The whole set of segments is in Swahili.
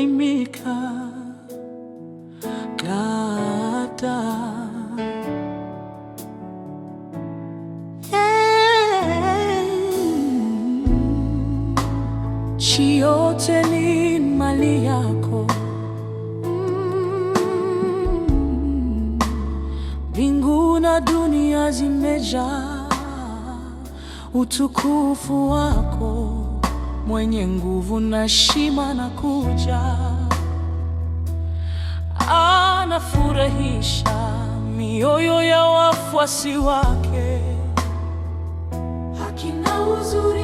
Nimelaimika kata eh. chiyote ni mali yako, mbingu mm, na dunia zimejaa utukufu wako mwenye nguvu na shima na kuja, anafurahisha mioyo ya wafuasi wake, haki na uzuri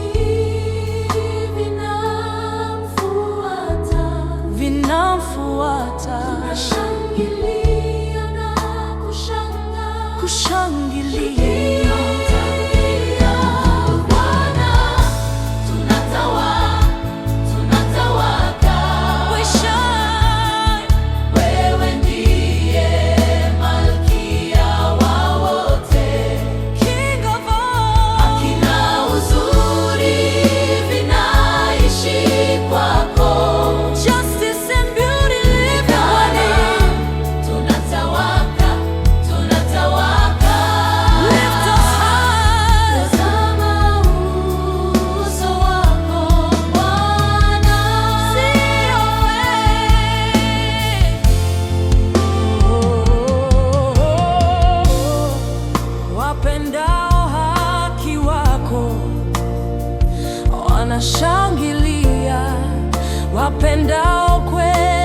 wanashangilia wapendao kweli.